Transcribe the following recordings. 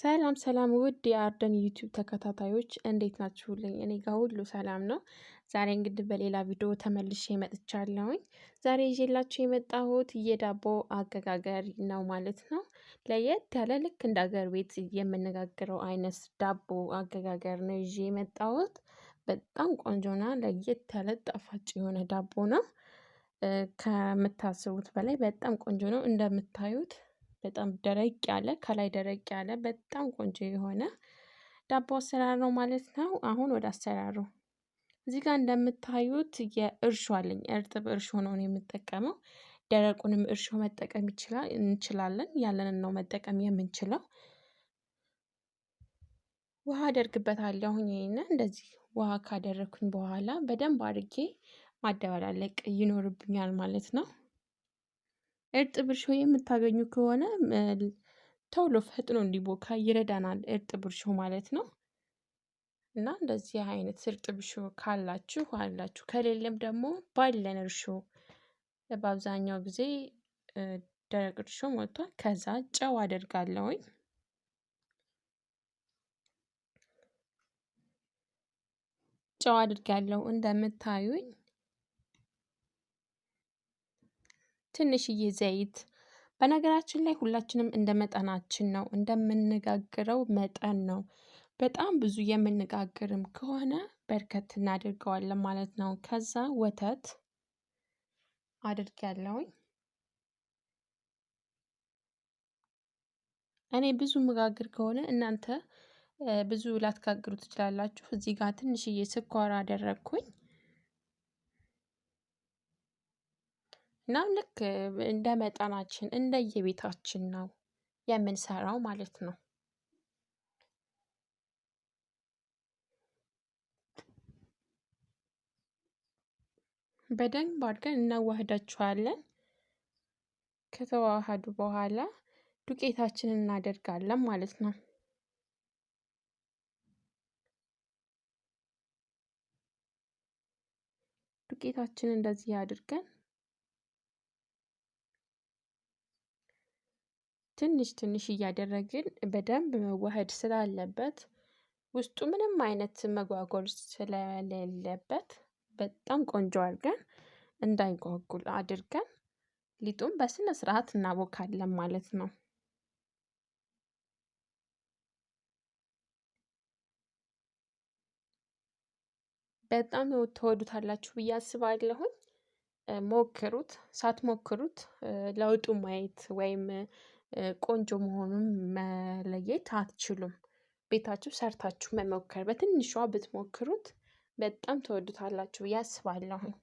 ሰላም ሰላም ውድ የአርደን ዩቲዩብ ተከታታዮች እንዴት ናችሁልኝ? እኔ ጋር ሁሉ ሰላም ነው። ዛሬ እንግዲህ በሌላ ቪዲዮ ተመልሼ መጥቻለሁኝ። ዛሬ ይዤላችሁ የመጣሁት የዳቦ አገጋገር ነው ማለት ነው። ለየት ያለ ልክ እንደ አገር ቤት የምነጋግረው አይነት ዳቦ አገጋገር ነው ይዤ የመጣሁት። በጣም ቆንጆና ለየት ያለ ጣፋጭ የሆነ ዳቦ ነው። ከምታስቡት በላይ በጣም ቆንጆ ነው እንደምታዩት በጣም ደረቅ ያለ ከላይ ደረቅ ያለ በጣም ቆንጆ የሆነ ዳቦ አሰራር ነው ማለት ነው። አሁን ወደ አሰራሩ እዚህ ጋር እንደምታዩት የእርሾ አለኝ እርጥብ እርሾ ነው የምጠቀመው። ደረቁንም እርሾ መጠቀም እንችላለን ያለንን ነው መጠቀም የምንችለው። ውሃ አደርግበታለሁ ይህን እንደዚህ ውሃ ካደረኩኝ በኋላ በደንብ አድርጌ ማደበላለቅ ይኖርብኛል ማለት ነው። እርጥብ እርሾ የምታገኙ ከሆነ ተውሎ ፈጥኖ እንዲቦካ ይረዳናል እርጥብ እርሾ ማለት ነው። እና እንደዚህ አይነት እርጥብ እርሾ ካላችሁ አላችሁ ከሌለም ደግሞ ባለን እርሾ በአብዛኛው ጊዜ ደረቅ እርሾ ሞልቷል። ከዛ ጨው አደርጋለሁኝ። ጨው አድርጋለሁ እንደምታዩኝ ትንሽዬ ዘይት። በነገራችን ላይ ሁላችንም እንደ መጠናችን ነው እንደምንጋግረው መጠን ነው። በጣም ብዙ የምንጋግርም ከሆነ በርከት እናደርገዋለን ማለት ነው። ከዛ ወተት አድርጊያለሁኝ። እኔ ብዙ መጋግር ከሆነ እናንተ ብዙ ላትጋግሩ ትችላላችሁ። እዚህ ጋር ትንሽዬ ስኳር አደረግኩኝ። እናም ልክ እንደ መጠናችን እንደየቤታችን ነው የምንሰራው ማለት ነው። በደንብ አድርገን እናዋህዳቸዋለን። ከተዋሃዱ በኋላ ዱቄታችንን እናደርጋለን ማለት ነው። ዱቄታችንን እንደዚህ አድርገን ትንሽ ትንሽ እያደረግን በደንብ መዋሃድ ስላለበት ውስጡ ምንም አይነት መጓጎል ስለሌለበት በጣም ቆንጆ አድርገን እንዳይጓጉል አድርገን ሊጡን በስነ ስርዓት እናቦካለን ማለት ነው። በጣም ተወዱታላችሁ ብዬ አስባለሁኝ። ሞክሩት። ሳትሞክሩት ለውጡ ማየት ወይም ቆንጆ መሆኑን መለየት አትችሉም። ቤታችሁ ሰርታችሁ መሞከር በትንሿ ብትሞክሩት በጣም ተወዱታላችሁ ብዬ አስባለሁኝ።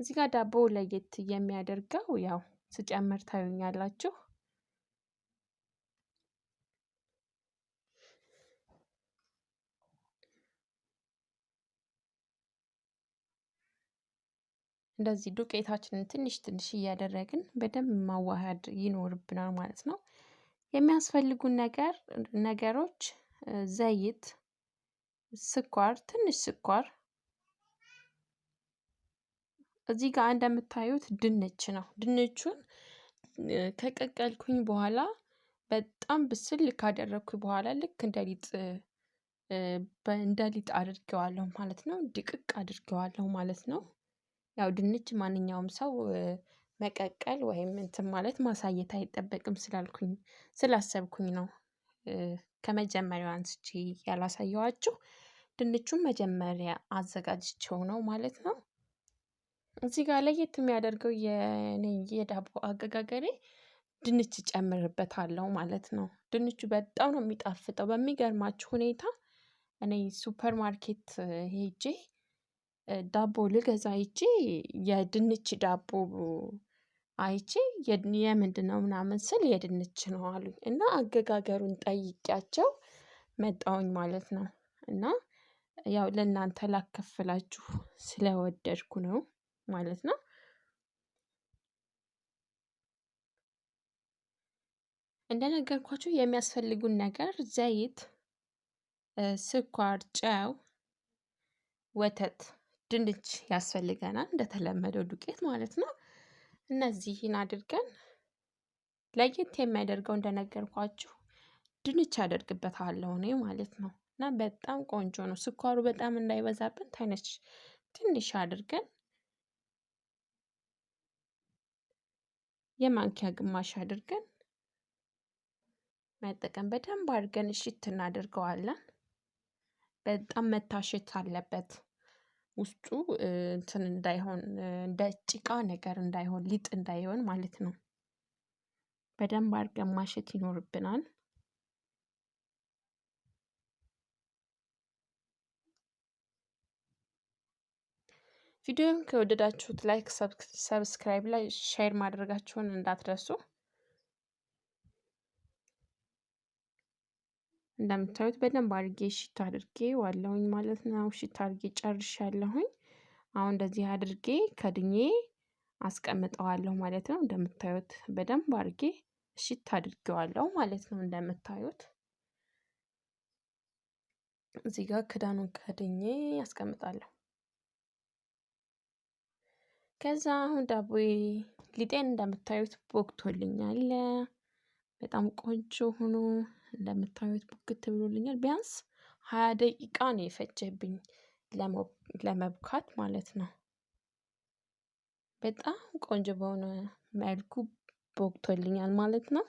እዚህ ጋር ዳቦ ለየት የሚያደርገው ያው ስጨምር ታዩኛላችሁ እንደዚህ ዱቄታችንን ትንሽ ትንሽ እያደረግን በደንብ ማዋሃድ ይኖርብናል ማለት ነው። የሚያስፈልጉን ነገር ነገሮች ዘይት፣ ስኳር፣ ትንሽ ስኳር እዚህ ጋር እንደምታዩት ድንች ነው። ድንቹን ከቀቀልኩኝ በኋላ በጣም ብስል ካደረግኩ በኋላ ልክ እንደ ሊጥ እንደ ሊጥ አድርጌዋለሁ ማለት ነው። ድቅቅ አድርጌዋለሁ ማለት ነው። ያው ድንች ማንኛውም ሰው መቀቀል ወይም እንትን ማለት ማሳየት አይጠበቅም ስላልኩኝ ስላሰብኩኝ ነው። ከመጀመሪያው አንስቼ ያላሳየኋችሁ ድንቹን መጀመሪያ አዘጋጅቼው ነው ማለት ነው። እዚህ ጋር ለየት የሚያደርገው የኔ የዳቦ አገጋገሬ ድንች ጨምርበታለሁ ማለት ነው። ድንቹ በጣም ነው የሚጣፍጠው በሚገርማችሁ ሁኔታ እኔ ሱፐር ማርኬት ሄጄ ዳቦ ልገዛ አይቼ የድንች ዳቦ አይቼ የምንድነው ምናምን ስል የድንች ነው አሉኝ እና አገጋገሩን ጠይቂያቸው መጣውኝ ማለት ነው። እና ያው ለእናንተ ላከፍላችሁ ስለወደድኩ ነው ማለት ነው። እንደነገርኳችሁ የሚያስፈልጉን ነገር ዘይት ስኳር ጨው ወተት ድንች ያስፈልገናል እንደተለመደው ዱቄት ማለት ነው። እነዚህን አድርገን ለየት የሚያደርገው እንደነገርኳችሁ ድንች አደርግበታለሁ እኔ ማለት ነው። እና በጣም ቆንጆ ነው። ስኳሩ በጣም እንዳይበዛብን ታይነች ትንሽ አድርገን የማንኪያ ግማሽ አድርገን መጠቀም በደንብ አድርገን እሽት እናደርገዋለን። በጣም መታሸት አለበት። ውስጡ እንትን እንዳይሆን እንደ ጭቃ ነገር እንዳይሆን ሊጥ እንዳይሆን ማለት ነው። በደንብ አድርገን ማሸት ይኖርብናል። ቪዲዮን ከወደዳችሁት ላይክ፣ ሰብስክራይብ ላይ ሼር ማድረጋችሁን እንዳትረሱ። እንደምታዩት በደንብ አድርጌ ሽት አድርጌ ዋለሁኝ ማለት ነው። ሽት አድርጌ ጨርሻለሁኝ። አሁን እንደዚህ አድርጌ ከድኜ አስቀምጠዋለሁ ማለት ነው። እንደምታዩት በደንብ አድርጌ ሽት አድርጌዋለሁ ማለት ነው። እንደምታዩት እዚህ ጋር ክዳኑን ከድኜ አስቀምጣለሁ። ከዛ አሁን ዳቦዬ ሊጤን እንደምታዩት ቦክቶልኛል። በጣም ቆንጆ ሆኖ እንደምታዩት ቡክት ብሎልኛል። ቢያንስ ሀያ ደቂቃ ነው የፈጀብኝ ለመብካት ማለት ነው። በጣም ቆንጆ በሆነ መልኩ ቦክቶልኛል ማለት ነው።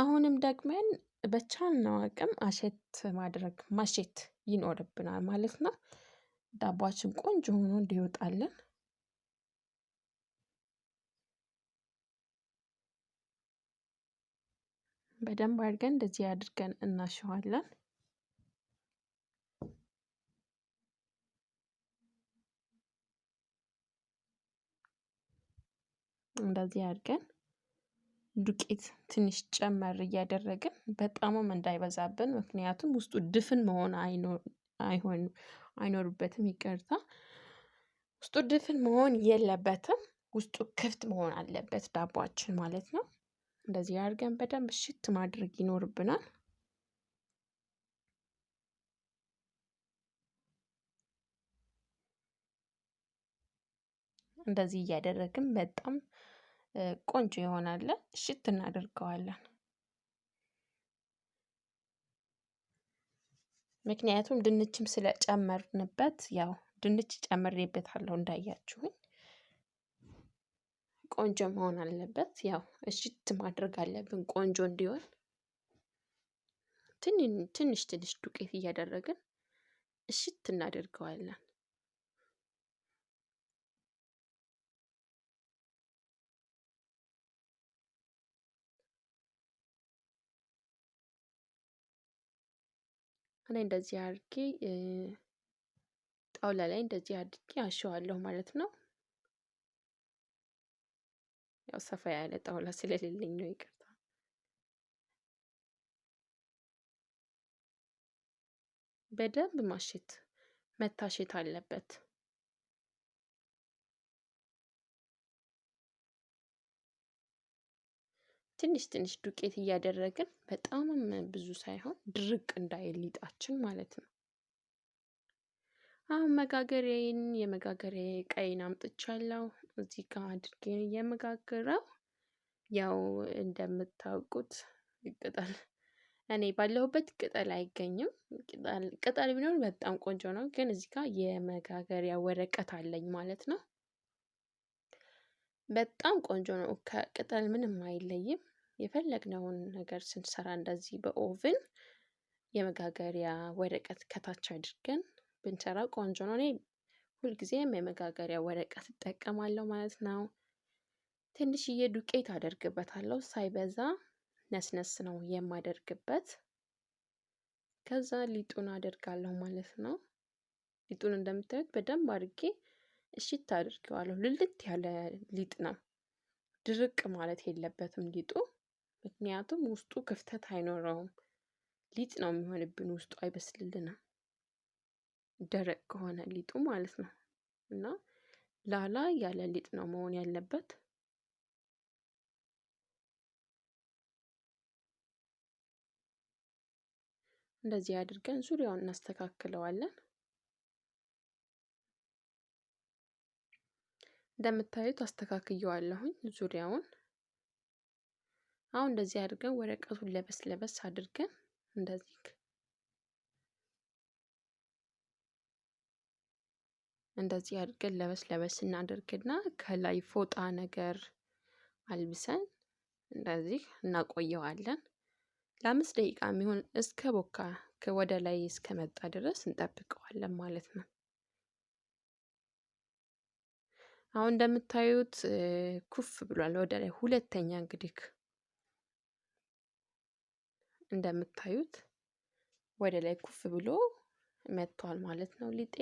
አሁንም ደግመን በቻልነው አቅም አሸት ማድረግ ማሸት ይኖርብናል ማለት ነው። ዳቧችን ቆንጆ ሆኖ እንዲወጣለን በደንብ አድርገን እንደዚህ አድርገን እናሸዋለን። እንደዚህ አድርገን ዱቄት ትንሽ ጨመር እያደረግን በጣምም እንዳይበዛብን፣ ምክንያቱም ውስጡ ድፍን መሆን አይኖርበትም። ይቅርታ ውስጡ ድፍን መሆን የለበትም። ውስጡ ክፍት መሆን አለበት ዳቧችን ማለት ነው። እንደዚህ አድርገን በደንብ ሽት ማድረግ ይኖርብናል። እንደዚህ እያደረግን በጣም ቆንጆ ይሆናል። ሽት እናደርገዋለን። ምክንያቱም ድንችም ስለጨመርንበት ያው ድንች ጨምሬበታለሁ እንዳያችሁኝ ቆንጆ መሆን አለበት። ያው እሽት ማድረግ አለብን ቆንጆ እንዲሆን። ትንሽ ትንሽ ዱቄት እያደረግን እሽት እናደርገዋለን። እኔ እንደዚህ አድርጌ ጣውላ ላይ እንደዚህ አድርጌ አሸዋለሁ ማለት ነው። ያው ሰፋ ያለ ጣውላ ስለሌለኝ ነው፣ ይቅርታ። በደንብ ማሸት መታሸት አለበት። ትንሽ ትንሽ ዱቄት እያደረግን በጣምም ብዙ ሳይሆን ድርቅ እንዳይል ሊጣችን ማለት ነው። አሁን መጋገሪያዬን የመጋገሪያ ቀይን አምጥቻለሁ። እዚህ ጋ አድርጌ የምጋግረው። ያው እንደምታውቁት ቅጠል እኔ ባለሁበት ቅጠል አይገኝም። ቅጠል ቢኖር በጣም ቆንጆ ነው፣ ግን እዚህ ጋ የመጋገሪያ ወረቀት አለኝ ማለት ነው። በጣም ቆንጆ ነው። ከቅጠል ምንም አይለይም። የፈለግነውን ነገር ስንሰራ እንደዚህ በኦቭን የመጋገሪያ ወረቀት ከታች አድርገን ብንሰራ ቆንጆ ነው። እኔ ሁልጊዜም የመጋገሪያ ወረቀት እጠቀማለሁ ማለት ነው። ትንሽዬ ዱቄት አደርግበታለሁ ሳይበዛ ነስነስ ነው የማደርግበት። ከዛ ሊጡን አደርጋለሁ ማለት ነው። ሊጡን እንደምታዩት በደንብ አድርጌ እሽት አድርገዋለሁ። ልልት ያለ ሊጥ ነው። ድርቅ ማለት የለበትም ሊጡ፣ ምክንያቱም ውስጡ ክፍተት አይኖረውም። ሊጥ ነው የሚሆንብን፣ ውስጡ አይበስልልንም። ደረቅ ከሆነ ሊጡ ማለት ነው እና ላላ ያለ ሊጥ ነው መሆን ያለበት። እንደዚህ አድርገን ዙሪያውን እናስተካክለዋለን። እንደምታዩት አስተካክየዋለሁኝ ዙሪያውን። አሁን እንደዚህ አድርገን ወረቀቱን ለበስ ለበስ አድርገን እንደዚህ እንደዚህ አድርገን ለበስ ለበስ እናደርግና ከላይ ፎጣ ነገር አልብሰን እንደዚህ እናቆየዋለን። ለአምስት ደቂቃ የሚሆን እስከ ቦካ ወደ ላይ እስከመጣ ድረስ እንጠብቀዋለን ማለት ነው። አሁን እንደምታዩት ኩፍ ብሏል ወደ ላይ። ሁለተኛ እንግዲህ እንደምታዩት ወደ ላይ ኩፍ ብሎ መጥቷል ማለት ነው ሊጤ።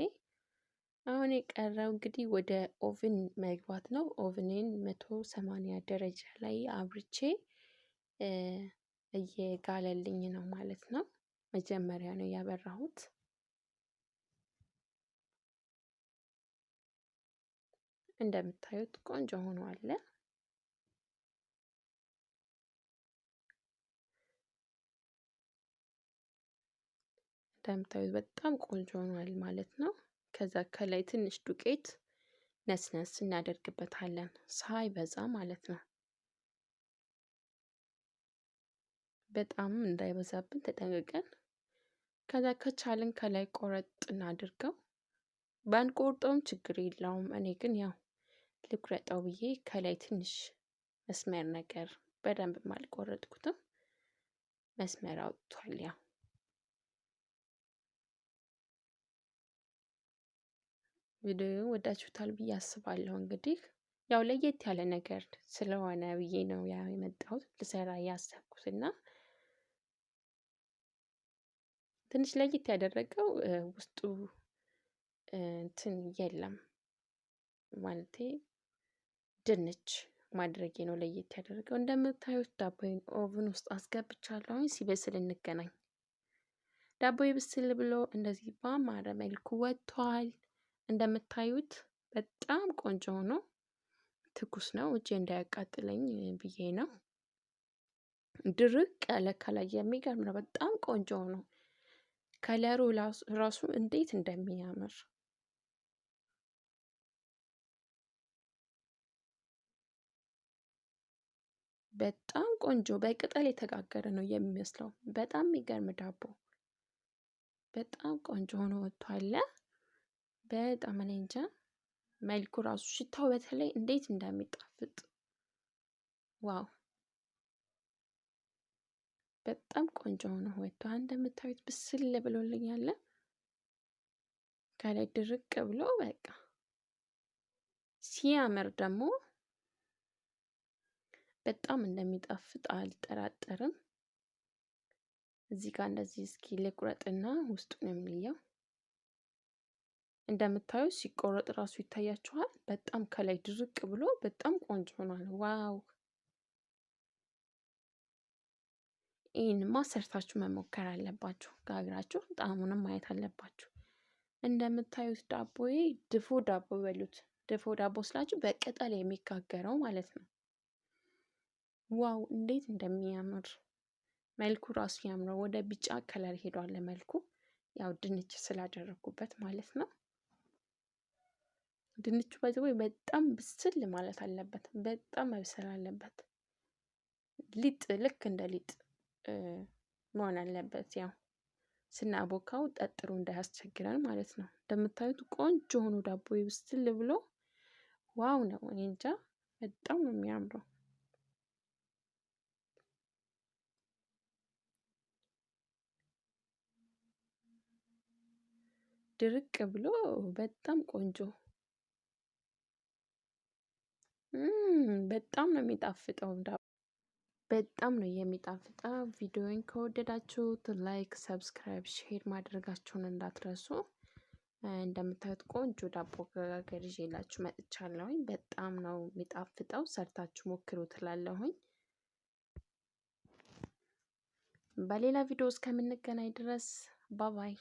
አሁን የቀረው እንግዲህ ወደ ኦቭን መግባት ነው። ኦቭኔን መቶ ሰማንያ ደረጃ ላይ አብርቼ እየጋለልኝ ነው ማለት ነው። መጀመሪያ ነው ያበራሁት። እንደምታዩት ቆንጆ ሆኖ አለ። እንደምታዩት በጣም ቆንጆ ሆኗል ማለት ነው። ከዛ ከላይ ትንሽ ዱቄት ነስነስ እናደርግበታለን፣ ሳይበዛ ማለት ነው። በጣም እንዳይበዛብን ተጠንቅቀን። ከዛ ከቻልን ከላይ ቆረጥ እናድርገው። ባንቆርጠውም ችግር የለውም። እኔ ግን ያው ልቁረጠው ብዬ ከላይ ትንሽ መስመር ነገር በደንብ አልቆረጥኩትም። መስመር አውጥቷል ያው ቪዲዮ ወዳችሁታል ብዬ አስባለሁ። እንግዲህ ያው ለየት ያለ ነገር ስለሆነ ብዬ ነው ያ የመጣሁት ልሰራ ያሰብኩት እና ትንሽ ለየት ያደረገው ውስጡ እንትን የለም ማለቴ ድንች ማድረጌ ነው ለየት ያደረገው። እንደምታዩት ዳቦዬን ኦቭን ውስጥ አስገብቻለሁኝ። ሲበስል እንገናኝ። ዳቦ ብስል ብሎ እንደዚህ ባማረ መልኩ ወጥቷል። እንደምታዩት በጣም ቆንጆ ሆኖ ትኩስ ነው። እጄ እንዳያቃጥለኝ ብዬ ነው። ድርቅ ያለ ከላይ የሚገርም ነው። በጣም ቆንጆ ሆኖ ከለሩ ራሱ እንዴት እንደሚያምር በጣም ቆንጆ በቅጠል የተጋገረ ነው የሚመስለው። በጣም የሚገርም ዳቦ በጣም ቆንጆ ሆኖ ወጥቷል። በጣም እኔ እንጃ መልኩ ራሱ ሽታው በተለይ እንዴት እንደሚጣፍጥ ዋው! በጣም ቆንጆ ሆኖ ወጥቷል። እንደምታዩት ብስል ብሎልኛል። ከላይ ድርቅ ብሎ በቃ ሲያምር ደግሞ በጣም እንደሚጣፍጥ አልጠራጠርም። እዚህ ጋር እንደዚህ እስኪ ልቁረጥና ነው የምንለየው እንደምታዩት ሲቆረጥ ራሱ ይታያችኋል። በጣም ከላይ ድርቅ ብሎ በጣም ቆንጆ ሆኗል። ዋው! ይህንማ ሰርታችሁ መሞከር አለባችሁ። ጋግራችሁ ጣዕሙንም ማየት አለባችሁ። እንደምታዩት ዳቦዬ ድፎ ዳቦ በሉት። ድፎ ዳቦ ስላችሁ በቅጠል የሚጋገረው ማለት ነው። ዋው እንዴት እንደሚያምር መልኩ ራሱ ያምረው። ወደ ቢጫ ከለር ሄዷል መልኩ ያው ድንች ስላደረግኩበት ማለት ነው። ድንቹ ወይ በጣም ብስል ማለት አለበት። በጣም መብሰል አለበት። ሊጥ ልክ እንደ ሊጥ መሆን አለበት። ያው ስናቦካው ጠጥሮ እንዳያስቸግረን ማለት ነው። እንደምታዩት ቆንጆ ሆኖ ዳቦ ብስል ብሎ ዋው ነው። እኔ እንጃ በጣም ነው የሚያምረው። ድርቅ ብሎ በጣም ቆንጆ በጣም ነው የሚጣፍጠው እንዳ በጣም ነው የሚጣፍጠው። ቪዲዮውን ከወደዳችሁት ላይክ ሰብስክራይብ ሼር ማድረጋችሁን እንዳትረሱ። እንደምታዩት ቆንጆ ዳቦ ጋገር ይዤላችሁ መጥቻለሁኝ። በጣም ነው የሚጣፍጠው። ሰርታችሁ ሞክሩ ትላለሁኝ። በሌላ ቪዲዮ እስከምንገናኝ ድረስ ባባይ